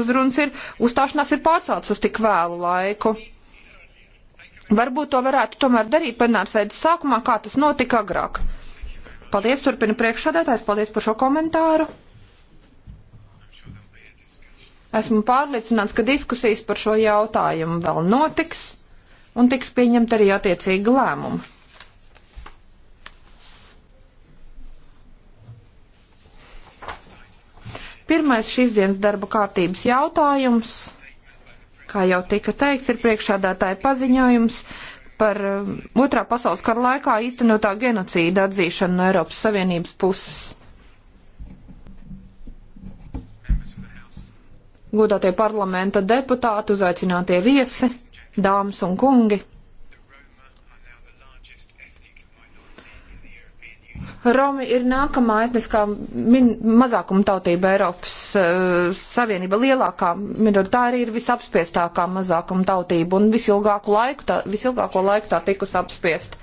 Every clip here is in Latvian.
uzrunas ir, uzstāšanās ir pārcelts uz tik vēlu laiku. Varbūt to varētu tomēr darīt plenārsēdes sākumā, kā tas notika agrāk. Paldies, turpina priekšsādātājs, paldies par šo komentāru. Esmu pārliecināts, ka diskusijas par šo jautājumu vēl notiks un tiks pieņemt arī attiecīgi lēmumi. Pirmais šīs dienas darba kārtības jautājums, kā jau tika teikts, ir priekšādātāja paziņojums par um, otrā pasaules kara laikā īstenotā genocīda atzīšanu no Eiropas Savienības puses. Godātie parlamenta deputāti, uzaicinātie viesi, dāmas un kungi! Romi ir nākamā etniskā min, mazākuma tautība Eiropas uh, Savienība, lielākā minoritāra ir visapspiestākā mazākuma tautība un visilgāko laiku tā, visilgāko laiku tā tikus apspiest.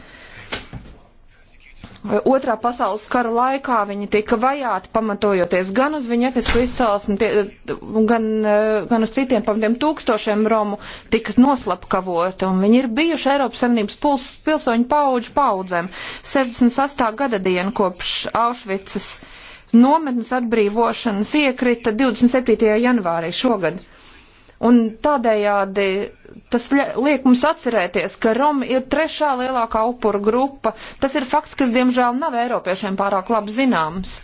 Otrā pasaules kara laikā viņi tika vajāti, pamatojoties gan uz viņu etnisko izcelsmi, gan, eh, gan uz citiem pamatiem. Tūkstošiem Romu tika noslapkavoti, un viņi ir bijuši Eiropas Savienības pilsoņu paudžu paudzēm. 68. gada diena kopš Aušvicas nometnes atbrīvošanas iekrita 27. janvārī šogad. Uh, Un tādējādi tas liek mums atcerēties, ka Roma ir trešā lielākā upuru grupa. Tas ir fakts, kas diemžēl nav Eiropiešiem pārāk labi zināms.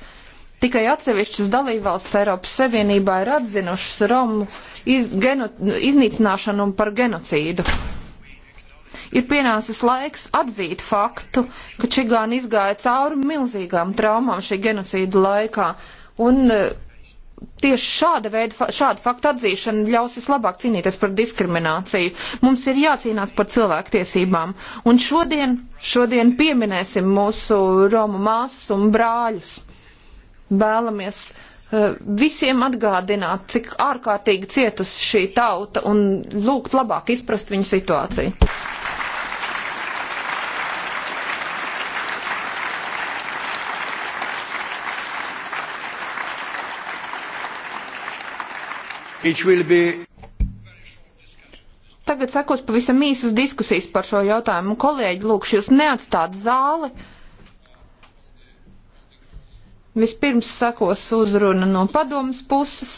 Tikai atsevišķas dalībvalsts Eiropas Savienībā ir atzinušas Romu iz, geno, iznīcināšanu un par genocīdu. Ir pienācis laiks atzīt faktu, ka Čigāna izgāja cauri milzīgām traumām šī genocīda laikā. Un uh, tieši šāda veida, šāda fakta atzīšana ļaus vislabāk cīnīties par diskrimināciju. Mums ir jācīnās par cilvēktiesībām. Un šodien, šodien pieminēsim mūsu Romu māsas un brāļus. Vēlamies uh, visiem atgādināt, cik ārkārtīgi cietusi šī tauta un lūgt labāk izprast viņu situāciju. Be... Tagad sekos pavisam īsas diskusijas par šo jautājumu. Kolēģi, lūkšu jūs neatstāt zāli. Vispirms sekos uzruna no padomas puses.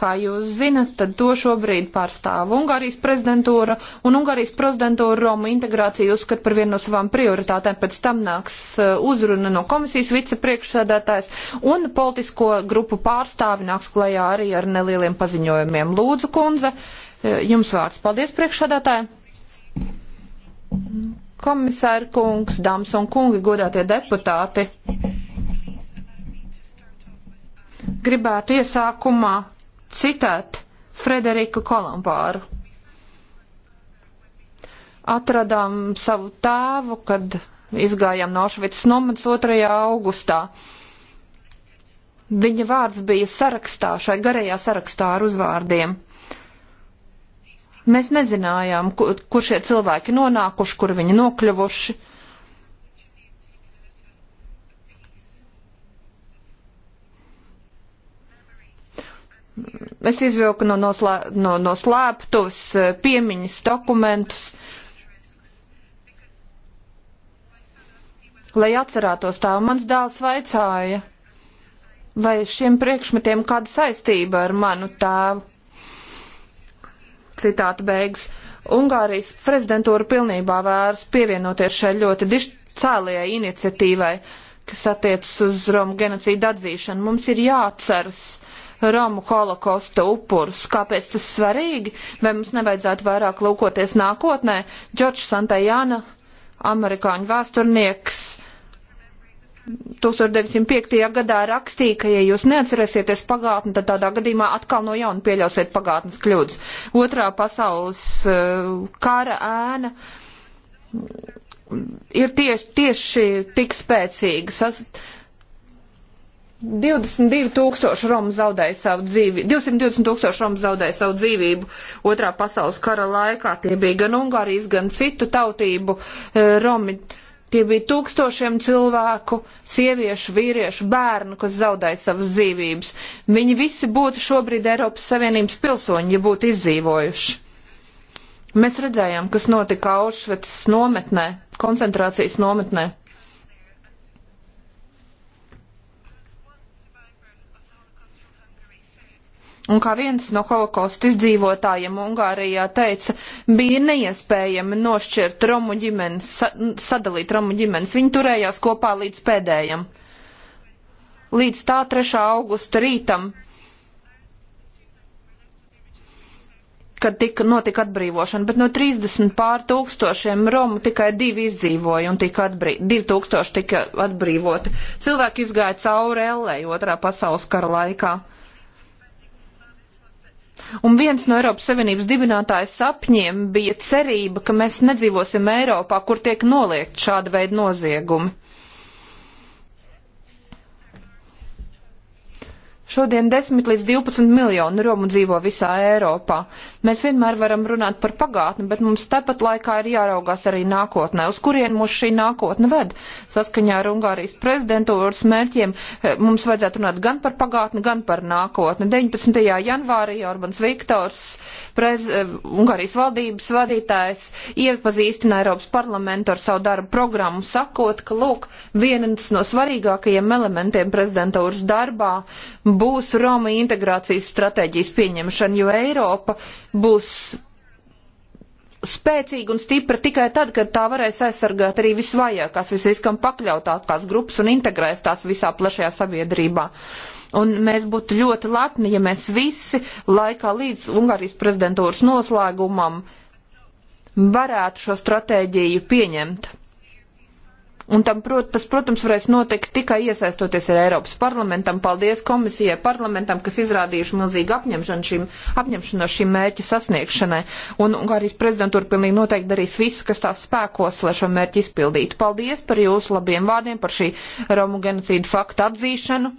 Kā jūs zinat, tad to šobrīd pārstāv Ungārijas prezidentūra, un Ungārijas prezidentūra Romu integrāciju uzskat par vienu no savām prioritātēm. Pēc tam nāks eh, uzruna no komisijas vicepriekšsēdētājs, un politisko grupu pārstāvi nāks klajā arī ar nelieliem paziņojumiem. Lūdzu, kundze, eh, jums vārds. Paldies, priekšsēdētāji! Komisāra kungs, dāmas un kungi, godātie deputāti! Gribētu iesākumā citēt Frederiku Kolampāru. Atradām savu tēvu, kad izgājām no Aušvicas nomads 2. augustā. Viņa vārds bija sarakstā, šai garajā sarakstā ar uzvārdiem. Mēs nezinājām, kur, kur šie cilvēki nonākuši, kur viņi nokļuvuši. Es izvilku no, noslē, no, no slēptuves eh, piemiņas dokumentus, lai atcerētos tā. Mans dēls vaicāja, vai šiem priekšmetiem kāda saistība ar manu tēvu. Citāta beigas. Ungārijas prezidentūra pilnībā vērs pievienoties šai ļoti dišcēlajai iniciatīvai, kas attiecas uz Romu genocīdu atzīšanu. Mums ir jāatceras Romu holokosta upurus. Kāpēc tas svarīgi? Vai mums nevajadzētu vairāk lūkoties nākotnē? Džordžs Santajana, amerikāņu vēsturnieks, 1905. gadā rakstīja, ka, ja jūs neatcerēsieties pagātni, tad tādā gadījumā atkal no jauna pieļausiet pagātnes kļūdas. Otrā pasaules uh, kara ēna mm, ir tieši, tieši tik spēcīga. Sas, 22 tūkstoši Romu zaudēja savu dzīvību, 220 tūkstoši Romu zaudēja savu dzīvību otrā pasaules kara laikā. Tie bija gan Ungārijas, gan citu tautību eh, Romi. Tie bija tūkstošiem cilvēku, sieviešu, vīriešu, bērnu, kas zaudēja savas dzīvības. Viņi visi būtu šobrīd Eiropas Savienības pilsoņi, ja būtu izdzīvojuši. Mēs redzējām, kas notika Aušvicas nometnē, koncentrācijas nometnē. Un kā viens no holokosta izdzīvotājiem Ungārijā teica, bija neiespējami nošķirt romu ģimenes, sadalīt romu ģimenes. Viņi turējās kopā līdz pēdējam. Līdz tā 3. augusta rītam kad tika, notika atbrīvošana, bet no 30 pār tūkstošiem Romu tikai divi izdzīvoja un tika atbrī, 2000 tika atbrīvoti. Cilvēki izgāja cauri Ellei otrā pasaules kara laikā. Un viens no Eiropas Savienības dibinātājas sapņiem bija cerība, ka mēs nedzīvosim Eiropā, kur tiek noliegt šāda veida noziegumi. Šodien 10 līdz 12 miljoni romu dzīvo visā Eiropā. Mēs vienmēr varam runāt par pagātni, bet mums tepat laikā ir jāraugās arī nākotnē, uz kurien mūs šī nākotne ved. Saskaņā ar Ungārijas prezidentūras mērķiem eh, mums vajadzētu runāt gan par pagātni, gan par nākotni. 19. janvārī Orbans Viktors, prez, eh, Ungārijas valdības vadītājs, iepazīstina Eiropas parlamentu ar savu darbu programmu, sakot, ka, lūk, viens no svarīgākajiem elementiem prezidentūras darbā būs Roma integrācijas stratēģijas pieņemšana, jo Eiropa būs spēcīga un stipra tikai tad, kad tā varēs aizsargāt arī visvajākās, visviskam pakļautākās grupas un integrēs tās visā plašajā sabiedrībā. Un mēs būtu ļoti lepni, ja mēs visi laikā līdz Ungārijas prezidentūras noslēgumam varētu šo stratēģiju pieņemt. Un tam, prot, tas, protams, varēs notikt tikai iesaistoties ar Eiropas parlamentam. Paldies komisijai, parlamentam, kas izrādījuši milzīgu apņemšanu šīm, apņemšanu šīm mērķa sasniegšanai. Un Ungārijas prezidentūra pilnīgi noteikti darīs visu, kas tās spēkos, lai šo mērķi izpildītu. Paldies par jūsu labiem vārdiem, par šī Romu genocīdu faktu atzīšanu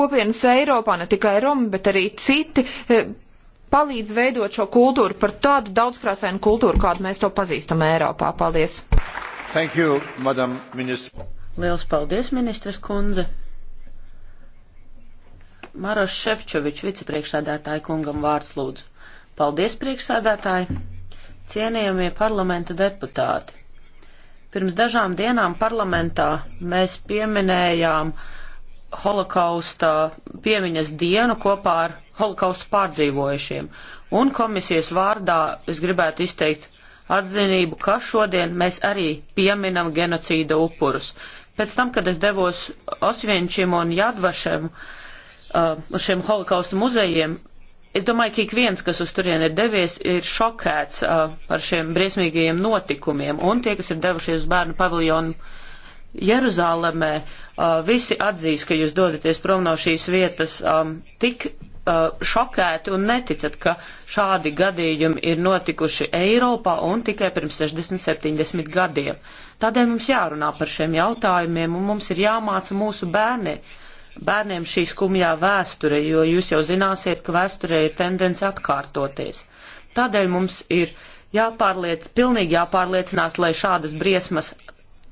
kopienas Eiropā, ne tikai Roma, bet arī citi eh, palīdz veidot šo kultūru par tādu daudzkrāsainu kultūru, kādu mēs to pazīstam Eiropā. Paldies! Thank you, Madam Ministra. Liels paldies, ministras kundze! Maros Šefčovičs, vicepriekšsēdētāja kungam vārds lūdzu. Paldies, priekšsēdētāji! Cienījamie parlamenta deputāti! Pirms dažām dienām parlamentā mēs pieminējām uh, holokausta piemiņas dienu kopā ar holokaustu pārdzīvojušiem. Un komisijas vārdā es gribētu izteikt atzinību, ka šodien mēs arī pieminam genocīda upurus. Pēc tam, kad es devos Osvienčiem un Jadvašem uh, uz uh, šiem holokaustu muzejiem, es domāju, ka ik viens, kas uz turien ir devies, ir šokēts uh, par šiem briesmīgajiem notikumiem. Un tie, kas ir devušies uz bērnu paviljonu Jeruzalemē visi atzīs, ka jūs dodaties prom no šīs vietas um, tik uh, šokēti un neticat, ka šādi gadījumi ir notikuši Eiropā un tikai pirms 60-70 gadiem. Tādēļ mums jārunā par šiem jautājumiem un mums ir jāmāca mūsu bērni, bērniem šī skumjā vēsture, jo jūs jau zināsiet, ka vēsturē ir tendence atkārtoties. Tādēļ mums ir jāpārliec, pilnīgi jāpārliecinās, lai šādas briesmas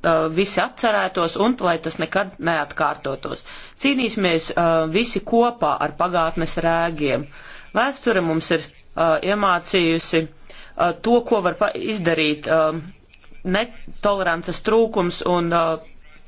Uh, visi atcerētos un lai tas nekad neatkārtotos. Cīnīsimies uh, visi kopā ar pagātnes rēgiem. Vēsture mums ir uh, iemācījusi uh, to, ko var izdarīt uh, netolerances trūkums un uh,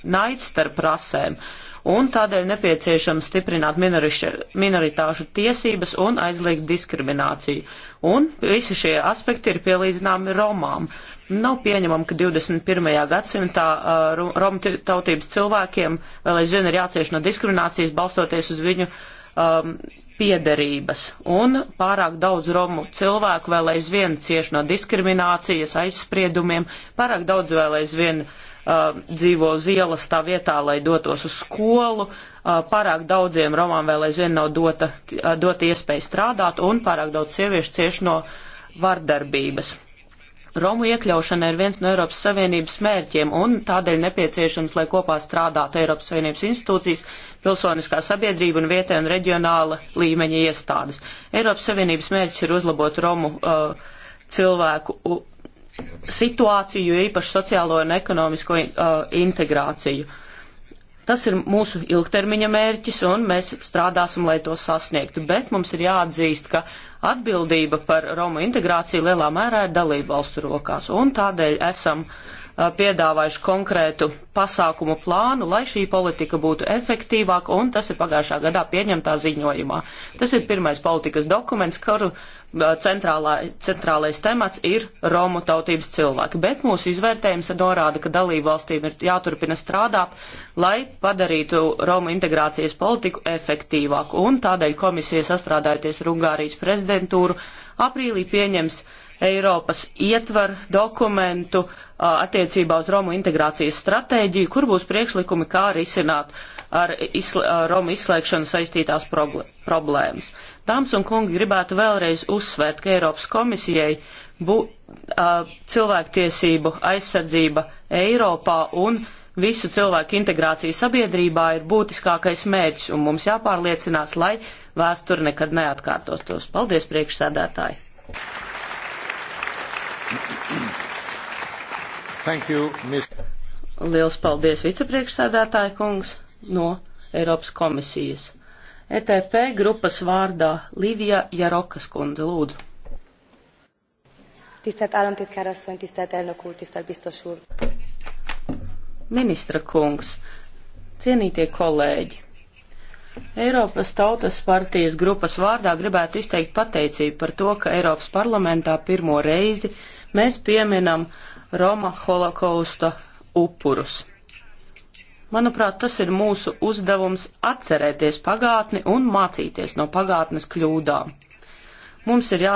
naids starp rasēm. Un tādēļ nepieciešams stiprināt minoriša, minoritāšu tiesības un aizliegt diskrimināciju. Un visi šie aspekti ir pielīdzināmi Romām. Uh, Nav pieņemama, ka 21. gadsimtā uh, Romu tautības cilvēkiem vēl aizvien ir jācieš no diskriminācijas balstoties uz viņu um, piederības. Un pārāk daudz Romu cilvēku vēl aizvien cieš no diskriminācijas, aizspriedumiem, pārāk daudz vēl aizvien uh, dzīvo uz ielas tā vietā, lai dotos uz skolu, uh, pārāk daudziem Romām vēl aizvien nav dota, uh, dota iespēja strādāt un pārāk daudz sieviešu cieš no vardarbības Romu iekļaušana ir viens no Eiropas Savienības mērķiem un tādēļ nepieciešams, lai kopā strādātu Eiropas Savienības institūcijas, pilsoniskā sabiedrība un vietē un reģionāla līmeņa iestādes. Eiropas Savienības mērķis ir uzlabot Romu uh, cilvēku situāciju, jo īpaši sociālo un ekonomisko uh, integrāciju. Uh, Tas ir mūsu ilgtermiņa mērķis, un mēs strādāsim, lai to sasniegtu. Bet mums ir jāatzīst, ka atbildība par Romu integrāciju lielā mērā ir dalību valstu rokās, un tādēļ esam uh, Uh, piedāvājuši konkrētu pasākumu plānu, lai šī politika būtu efektīvāka, un tas ir pagājušā gadā pieņemtā ziņojumā. Tas ir pirmais politikas dokuments, kuru uh, centrālā, centrālais temats ir Romu tautības cilvēki, bet mūsu izvērtējums norāda, ka dalību valstīm ir jāturpina strādāt, lai padarītu Romu integrācijas politiku efektīvāku, un tādēļ komisija sastrādājoties ar Ungārijas prezidentūru aprīlī pieņems Eiropas ietvar dokumentu attiecībā uz Romu integrācijas stratēģiju, kur būs priekšlikumi, kā risināt ar izsl Romu izslēgšanu saistītās problēmas. Dāmas un kungi gribētu vēlreiz uzsvērt, ka Eiropas komisijai bū, uh, cilvēktiesību aizsardzība Eiropā un visu cilvēku integrācija sabiedrībā ir būtiskākais mērķis, un mums jāpārliecinās, lai vēsture nekad neatkārtos tos. Paldies, priekšsēdētāji! Thank you. Thank you, Ms. Liels paldies vicepriekšsēdētāja kungs no Eiropas komisijas. ETP grupas vārdā Livija Jarokas kundze lūdzu. Tisztelt államtitkár asszony, tisztelt elnök úr, tisztelt biztos úr. Ministra kungs, cienītie kolēģi, Eiropas Tautas partijas grupas vārdā gribētu izteikt pateicību par to, ka Eiropas parlamentā pirmo reizi mēs pieminam uh, Roma holokausta upurus. Manuprāt, tas ir mūsu uzdevums atcerēties pagātni un mācīties no pagātnes kļūdām. Mums ir jā,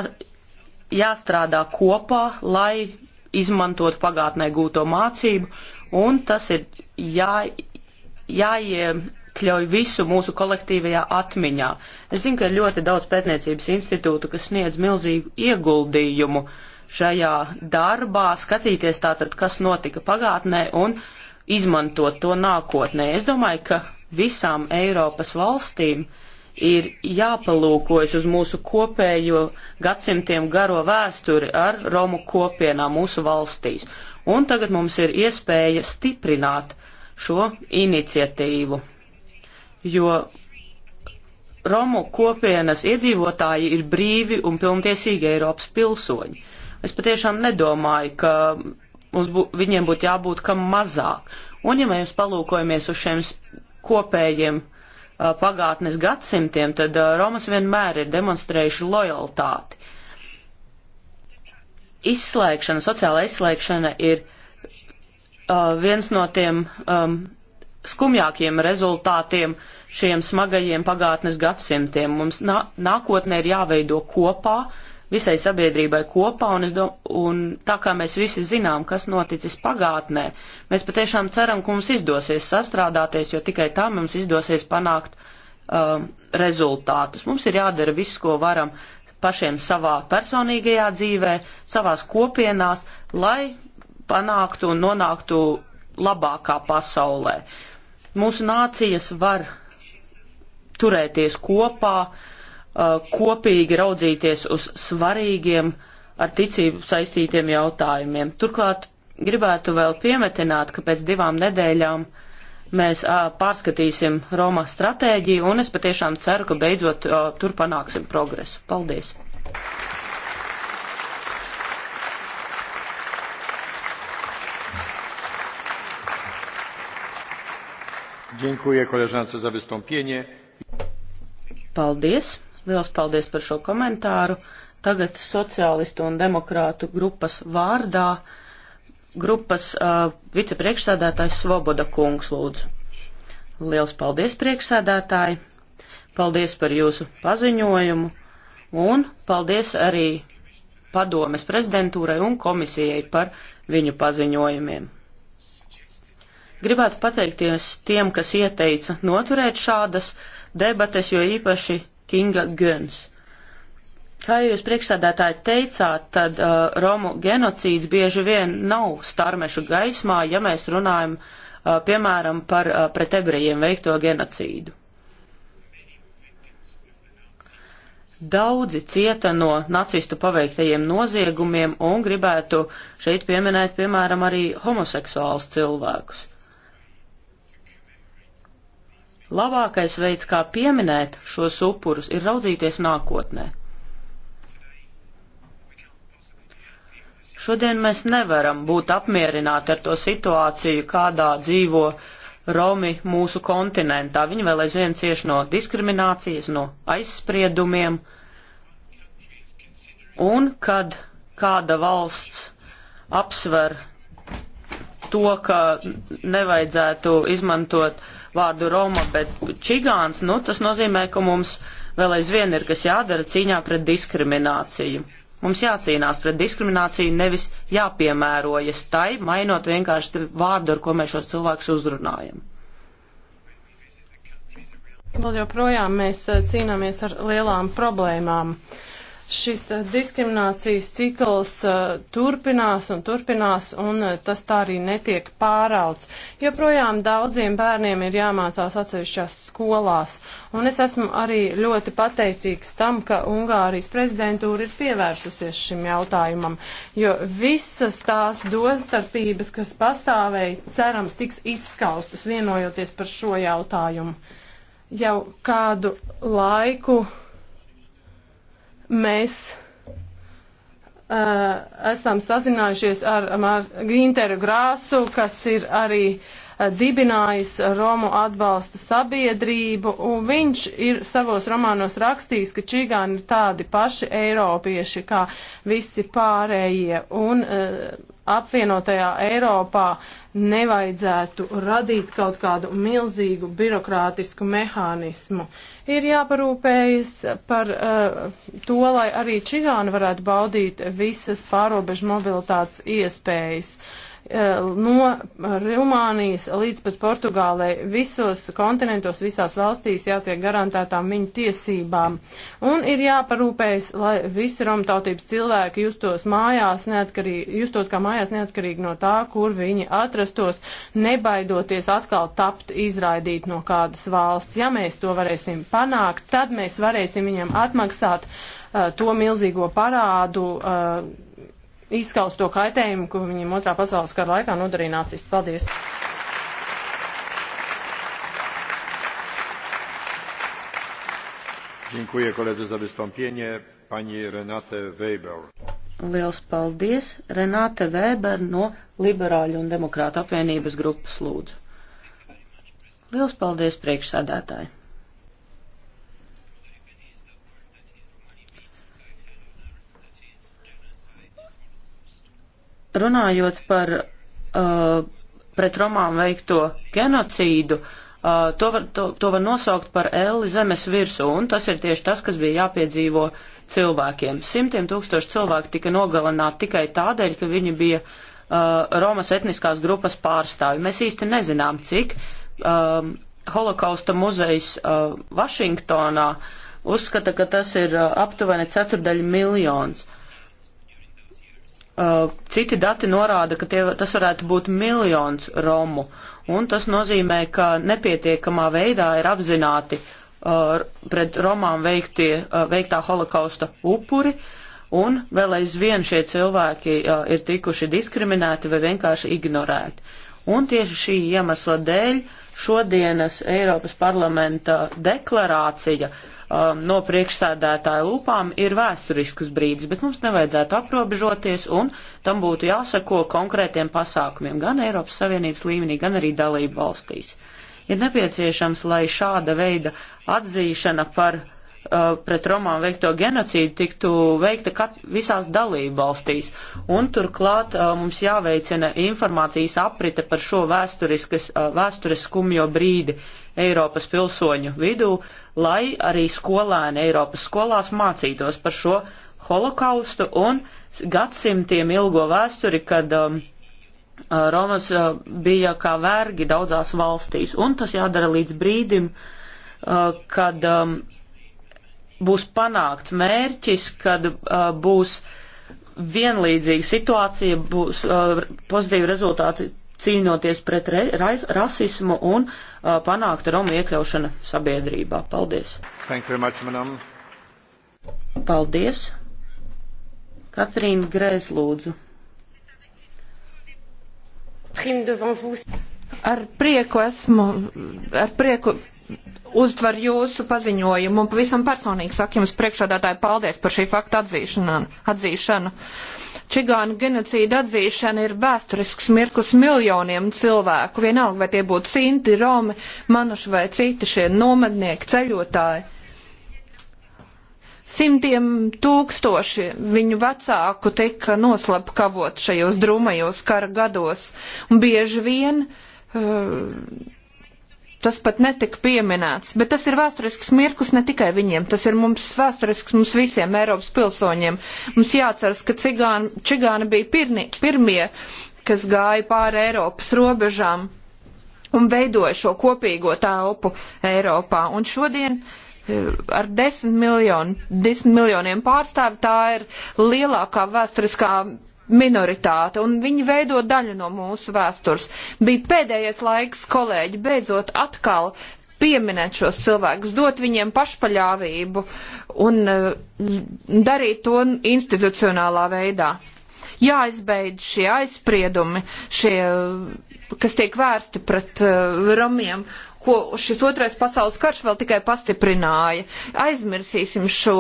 jāstrādā kopā, lai izmantot pagātnē gūto mācību, un tas ir jā, jāiekļauj visu mūsu kolektīvajā atmiņā. Es zinu, ka ir ļoti daudz pētniecības institūtu, kas sniedz milzīgu ieguldījumu uh, šajā darbā, skatīties tātad, kas notika pagātnē un izmantot to nākotnē. Es domāju, ka visām Eiropas valstīm ir jāpalūkojas uz mūsu kopējo gadsimtiem garo vēsturi ar Romu kopienā mūsu valstīs. Un tagad mums ir iespēja stiprināt šo iniciatīvu, jo Romu kopienas iedzīvotāji ir brīvi un pilntiesīgi Eiropas pilsoņi. Es patiešām nedomāju, ka mums bū, viņiem būtu jābūt kam mazāk. Un ja mēs palūkojamies uz šiem kopējiem uh, pagātnes gadsimtiem, tad uh, Romas vienmēr ir demonstrējuši lojaltāti. Izslēgšana, sociāla izslēgšana ir uh, viens no tiem um, skumjākiem rezultātiem šiem smagajiem pagātnes gadsimtiem. Mums nā, nākotnē ir jāveido kopā uh, visai sabiedrībai kopā, un, dom, un tā kā mēs visi zinām, kas noticis pagātnē, mēs patiešām ceram, ka mums izdosies sastrādāties, jo tikai tā mums izdosies panākt um, rezultātus. Mums ir jādara viss, ko varam pašiem savā personīgajā dzīvē, savās kopienās, lai panāktu un nonāktu labākā pasaulē. Mūsu nācijas var turēties kopā, uh, Uh, kopīgi raudzīties uz svarīgiem ar ticību saistītiem jautājumiem. Turklāt gribētu vēl piemetināt, ka pēc divām nedēļām mēs a, uh, pārskatīsim Romas stratēģiju, un es patiešām ceru, ka beidzot a, uh, tur panāksim progresu. Paldies! Dziękuję koleżance za wystąpienie. Paldies! Liels paldies par šo komentāru. Tagad sociālistu un demokrātu grupas vārdā grupas uh, vicepriekšsēdētājs Svoboda kungs lūdzu. Liels paldies priekšsēdētāji, paldies par jūsu paziņojumu un paldies arī padomes prezidentūrai un komisijai par viņu paziņojumiem. Gribētu pateikties tiem, kas ieteica noturēt šādas debates, jo īpaši Kinga Guns. Kā jūs priekšsādātāji teicāt, tad uh, Romu genocīds bieži vien nav starmešu gaismā, ja mēs runājam, uh, piemēram, par uh, pret ebrejiem veikto genocīdu. Daudzi cieta no nacistu paveiktajiem noziegumiem un gribētu šeit pieminēt, piemēram, arī homoseksuāls cilvēkus. Labākais veids, kā pieminēt šos upurus, ir raudzīties nākotnē. Šodien mēs nevaram būt apmierināti ar to situāciju, kādā dzīvo Romi mūsu kontinentā. Viņi vēl aizvien cieši no diskriminācijas, no aizspriedumiem. Un kad kāda valsts apsver to, ka nevajadzētu izmantot uh, vārdu Roma, bet čigāns, nu, tas nozīmē, ka mums vēl aizvien ir kas jādara cīņā pret diskrimināciju. Mums jācīnās pret diskrimināciju, nevis jāpiemērojas tai, mainot vienkārši vārdu, ar ko mēs šos cilvēkus uzrunājam. Vēl joprojām mēs eh, cīnāmies ar lielām problēmām. Uh, šis eh, diskriminācijas cikls uh, turpinās un turpinās, un uh, tas tā arī netiek pārauts. Joprojām daudziem bērniem ir jāmācās atsevišķās skolās, un es esmu arī ļoti pateicīgs tam, ka Ungārijas prezidentūra ir pievērsusies šim jautājumam, jo visas tās dostarpības, kas pastāvēja, cerams, tiks izskaustas vienojoties par šo jautājumu. Jau kādu laiku Mēs uh, esam sazinājušies ar Mar Ginteru Grāsu, kas ir arī uh, dibinājis Romu atbalsta sabiedrību, un viņš ir savos romānos rakstījis, ka čigāni ir tādi paši eiropieši kā visi pārējie. Un, uh, apvienotajā Eiropā nevajadzētu radīt kaut kādu milzīgu birokrātisku mehānismu. Ir jāparūpējas par uh, to, lai arī čigāni varētu baudīt visas pārobežu mobilitātes iespējas. Uh, Eh, no Rumānijas līdz pat Portugālei visos kontinentos, visās valstīs jātiek garantētām viņu tiesībām. Un ir jāparūpējas, lai visi romtautības cilvēki justos mājās, neatkarīgi, justos kā mājās neatkarīgi no tā, kur viņi atrastos, nebaidoties atkal tapt izraidīt no kādas valsts. Ja mēs to varēsim panākt, tad mēs varēsim viņiem atmaksāt uh, to milzīgo parādu, uh, izskaust to kaitējumu, ko viņiem otrā pasaules kara laikā nodarīja nācisti. Paldies! Dziękuję koledze za wystąpienie. Pani Renate Weber. Liels paldies! Renāte Vēber no Liberāļu un Demokrāta apvienības grupas lūdzu. Liels paldies priekšsādātāji! Runājot par uh, pret Romām veikto genocīdu, uh, to, var, to, to var nosaukt par elli zemes virsū, un tas ir tieši tas, kas bija jāpiedzīvo cilvēkiem. Simtiem tūkstoši cilvēku tika nogalināti tikai tādēļ, ka viņi bija uh, Romas etniskās grupas pārstāvi. Mēs īsti nezinām, cik. Um, Holokausta muzejs uh, Vašingtonā uzskata, ka tas ir uh, aptuveni ceturdaļ miljons. Uh, Uh, citi dati norāda, ka tie, tas varētu būt miljons romu, un tas nozīmē, ka nepietiekamā veidā ir apzināti uh, pret romām veiktie, uh, veiktā holokausta upuri, un vēl aizvien šie cilvēki uh, ir tikuši diskriminēti vai vienkārši ignorēti. Un tieši šī iemesla dēļ šodienas Eiropas parlamenta deklarācija uh, um, no priekšsēdētāja lūpām ir vēsturisks brīdis, bet mums nevajadzētu aprobežoties un tam būtu jāsako konkrētiem pasākumiem gan Eiropas Savienības līmenī, gan arī dalību valstīs. Ir nepieciešams, lai šāda veida atzīšana par uh, Uh, pret Romām veikto genocīdu tiktu veikta kat, visās dalību valstīs. Un turklāt uh, mums jāveicina informācijas aprite par šo vēstures uh, skumjo brīdi Eiropas pilsoņu vidū, lai arī skolēni Eiropas skolās mācītos par šo holokaustu un gadsimtiem ilgo vēsturi, kad um, Romas uh, bija kā vergi daudzās valstīs. Un tas jādara līdz brīdim, uh, kad um, būs panākts mērķis, kad uh, būs vienlīdzīga situācija, būs uh, pozitīvi rezultāti cīnoties pret re, ra, rasismu un uh, panākta Romu iekļaušana sabiedrībā. Paldies! Much, manam. Paldies! Katrīna Grēz lūdzu. Ar prieku esmu, ar prieku uztver jūsu paziņojumu un pavisam personīgi saku jums priekšādātāji paldies par šī fakta atzīšanu. Čigānu genocīda atzīšana ir vēsturisks mirklis miljoniem cilvēku, vienalga vai tie būtu cinti, romi, manuši vai citi šie nomadnieki, ceļotāji simtiem tūkstoši viņu vecāku tika noslapkavot šajos drūmajos kara gados, un bieži vien uh, tas pat netika pieminēts, bet tas ir vēsturisks mirklis ne tikai viņiem, tas ir mums vēsturisks mums visiem Eiropas pilsoņiem. Mums jāatceras, ka cigāni, čigāni bija pirni, pirmie, kas gāja pāri Eiropas robežām un veidoja šo kopīgo telpu Eiropā. Un šodien eh, ar desmit, miljonu, desmit miljoniem pārstāvi tā ir lielākā vēsturiskā minoritāte, un viņi veido daļu no mūsu vēstures. Bija pēdējais laiks, kolēģi, beidzot atkal pieminēt šos cilvēkus, dot viņiem pašpaļāvību un uh, darīt to institucionālā veidā. Jāizbeidz šie aizspriedumi, šie, kas tiek vērsti pret uh, romiem, ko šis otrais pasaules karš vēl tikai pastiprināja. Aizmirsīsim, šo,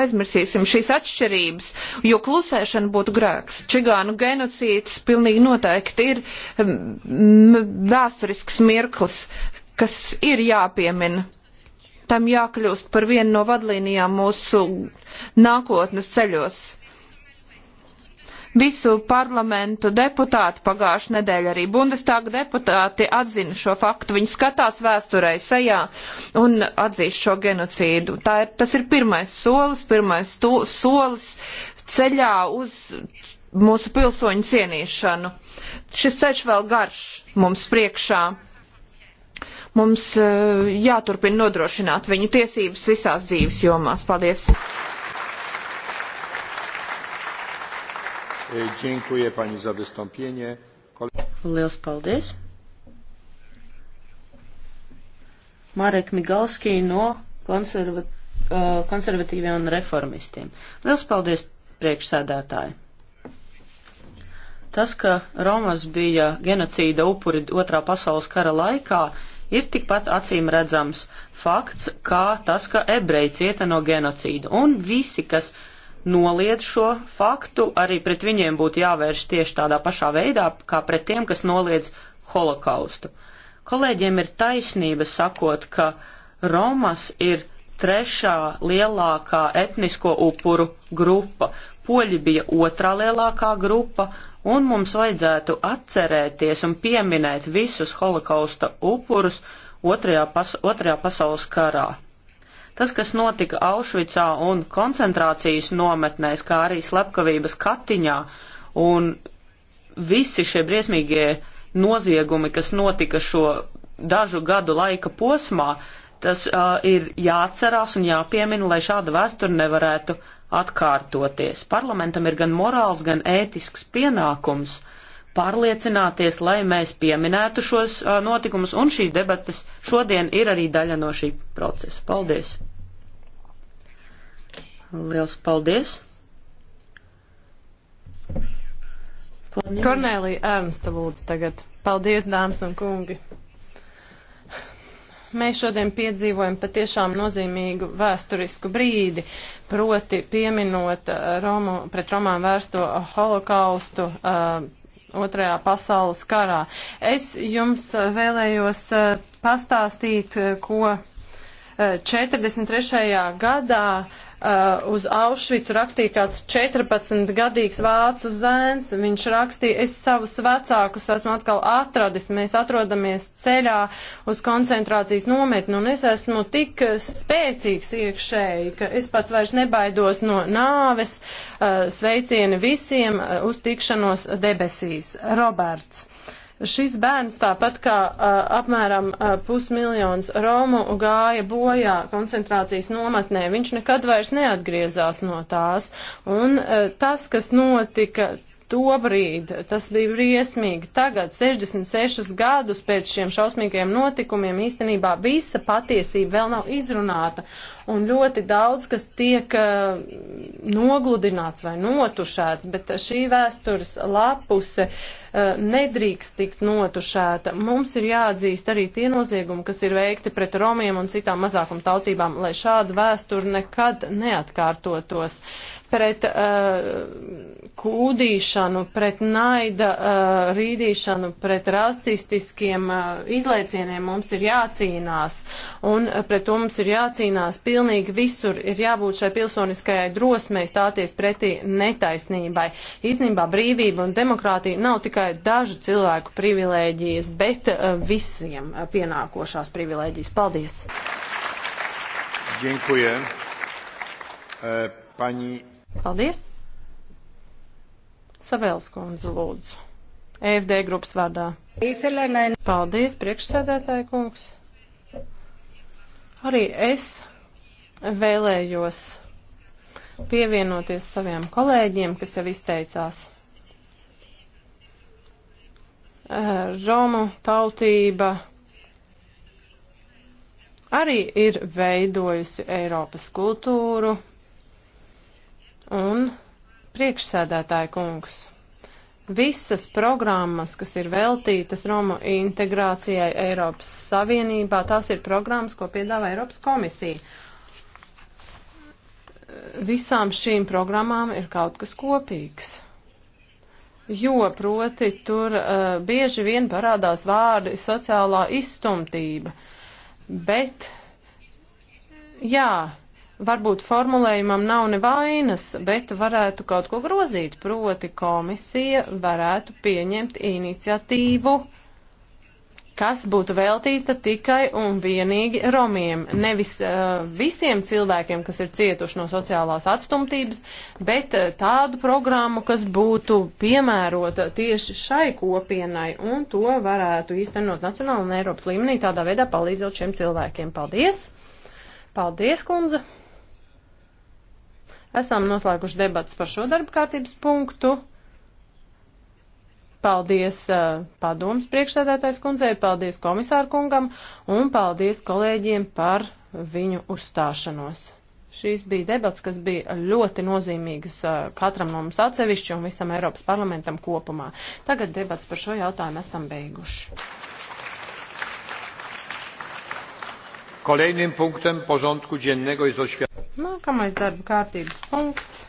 aizmirsīsim šīs atšķirības, jo klusēšana būtu grēks. Čigānu genocīds pilnīgi noteikti ir vēsturisks mirklis, kas ir jāpiemina. Tam jākļūst par vienu no vadlīnijām mūsu nākotnes ceļos Visu parlamentu deputāti pagājuši nedēļa arī Bundestāga deputāti atzina šo faktu. Viņi skatās vēsturē sejā un atzīst šo genocīdu. Tā ir, tas ir pirmais solis, pirmais to, solis ceļā uz mūsu pilsoņu cienīšanu. Šis ceļš vēl garš mums priekšā. Mums eh, jāturpina nodrošināt viņu tiesības visās dzīves jomās. Paldies! E, dziękuję pani za wystąpienie. Kol... Liels paldies. Marek Migalski no konservat, e, konservatīviem un reformistiem. Liels paldies priekšsēdētāji. Tas, ka Romas bija genocīda upuri otrā pasaules kara laikā, ir tikpat acīm redzams fakts, kā tas, ka ebreji cieta no genocīda. Un visi, kas uh, noliedz šo faktu, arī pret viņiem būtu jāvērš tieši tādā pašā veidā, kā pret tiem, kas noliedz holokaustu. Kolēģiem ir taisnība sakot, ka Romas ir trešā lielākā etnisko upuru grupa. Poļi bija otrā lielākā grupa, un mums vajadzētu atcerēties un pieminēt visus holokausta upurus otrajā, pas otrajā pasaules karā. Tas, kas notika Aušvicā un koncentrācijas nometnēs, kā arī slepkavības katiņā un visi šie briesmīgie noziegumi, kas notika šo dažu gadu laika posmā, tas uh, ir jāatcerās un jāpiemina, lai šāda vēsture nevarētu atkārtoties. Parlamentam ir gan morāls, gan ētisks pienākums uh, pārliecināties, lai mēs pieminētu šos uh, notikumus, un šī debatas šodien ir arī daļa no šī procesa. Paldies! Liels paldies! Kornēlija Ernsta lūdzu tagad. Paldies, dāmas un kungi! Mēs šodien piedzīvojam patiešām nozīmīgu vēsturisku brīdi, proti pieminot Romu, pret Romām vērsto holokaustu. Uh, Otrajā pasaules karā. Es jums eh, vēlējos eh, pastāstīt, eh, ko 43. gadā uh, uz Aušvicu rakstīja kāds 14-gadīgs vācu zēns. Viņš rakstīja, es savus vecākus esmu atkal atradis, mēs atrodamies ceļā uz koncentrācijas nometni, un es esmu tik spēcīgs iekšēji, ka es pat vairs nebaidos no nāves. Uh, sveicieni visiem uh, uz tikšanos debesīs. Roberts. Uh, Šis bērns, tāpat kā uh, apmēram uh, pusmiljons Romu, gāja bojā koncentrācijas nometnē. Viņš nekad vairs neatgriezās no tās. Un uh, tas, kas notika Tobrīd tas bija briesmīgi. Tagad, 66 gadus pēc šiem šausmīgajiem notikumiem, īstenībā visa patiesība vēl nav izrunāta. Un ļoti daudz, kas tiek uh, nogludināts vai notušēts, bet šī vēstures lapuse uh, nedrīkst tikt notušēta. Mums ir jāatzīst arī tie noziegumi, kas ir veikti pret romiem un citām mazākumtautībām, lai šāda vēsture nekad neatkārtotos pret uh, kūdīšanu, pret naida uh, rīdīšanu, pret rasistiskiem uh, izlaicieniem mums ir jācīnās. Un uh, pret to mums ir jācīnās pilnīgi visur. Ir jābūt šai pilsoniskajai drosmei stāties pretī netaisnībai. Īsnībā brīvība un demokrātija nav tikai dažu cilvēku privilēģijas, bet uh, visiem uh, pienākošās privilēģijas. Paldies! Dziękuję. E, pani Paldies! Savēls kundze lūdzu. EFD grupas vārdā. Paldies, priekšsēdētāja kungs. Arī es vēlējos pievienoties saviem kolēģiem, kas jau izteicās. Romu tautība arī ir veidojusi Eiropas kultūru, Un priekšsēdētāja kungs, visas programmas, kas ir veltītas Romu integrācijai Eiropas Savienībā, tās ir programmas, ko piedāvā Eiropas komisija. Visām šīm programmām ir kaut kas kopīgs. Jo, proti, tur uh, bieži vien parādās vārdi sociālā izstumtība, bet, jā, varbūt formulējumam nav nevainas, bet varētu kaut ko grozīt, proti komisija varētu pieņemt iniciatīvu, kas būtu veltīta tikai un vienīgi romiem, nevis uh, visiem cilvēkiem, kas ir cietuši no sociālās atstumtības, bet uh, tādu programmu, kas būtu piemērota tieši šai kopienai, un to varētu īstenot nacionāla un Eiropas līmenī, tādā veidā palīdzot šiem cilvēkiem. Paldies! Paldies, kundze! Esam noslēguši debats par šo darba kārtības punktu. Paldies uh, eh, padoms priekšsēdētājs kundzei, paldies komisāru kungam un paldies kolēģiem par viņu uzstāšanos. Šīs bija debats, kas bija ļoti nozīmīgas uh, katram no mums atsevišķi un visam Eiropas parlamentam kopumā. Tagad debats par šo jautājumu esam beiguši. Kolejnym punktem porządku dziennego jest oświadczenie. Nākamais darba kārtības punkts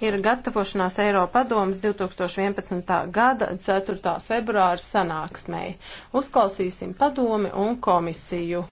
ir gatavošanās Eiropadomas 2011. gada 4. februāra sanāksmei. Uzklausīsim padomi un komisiju.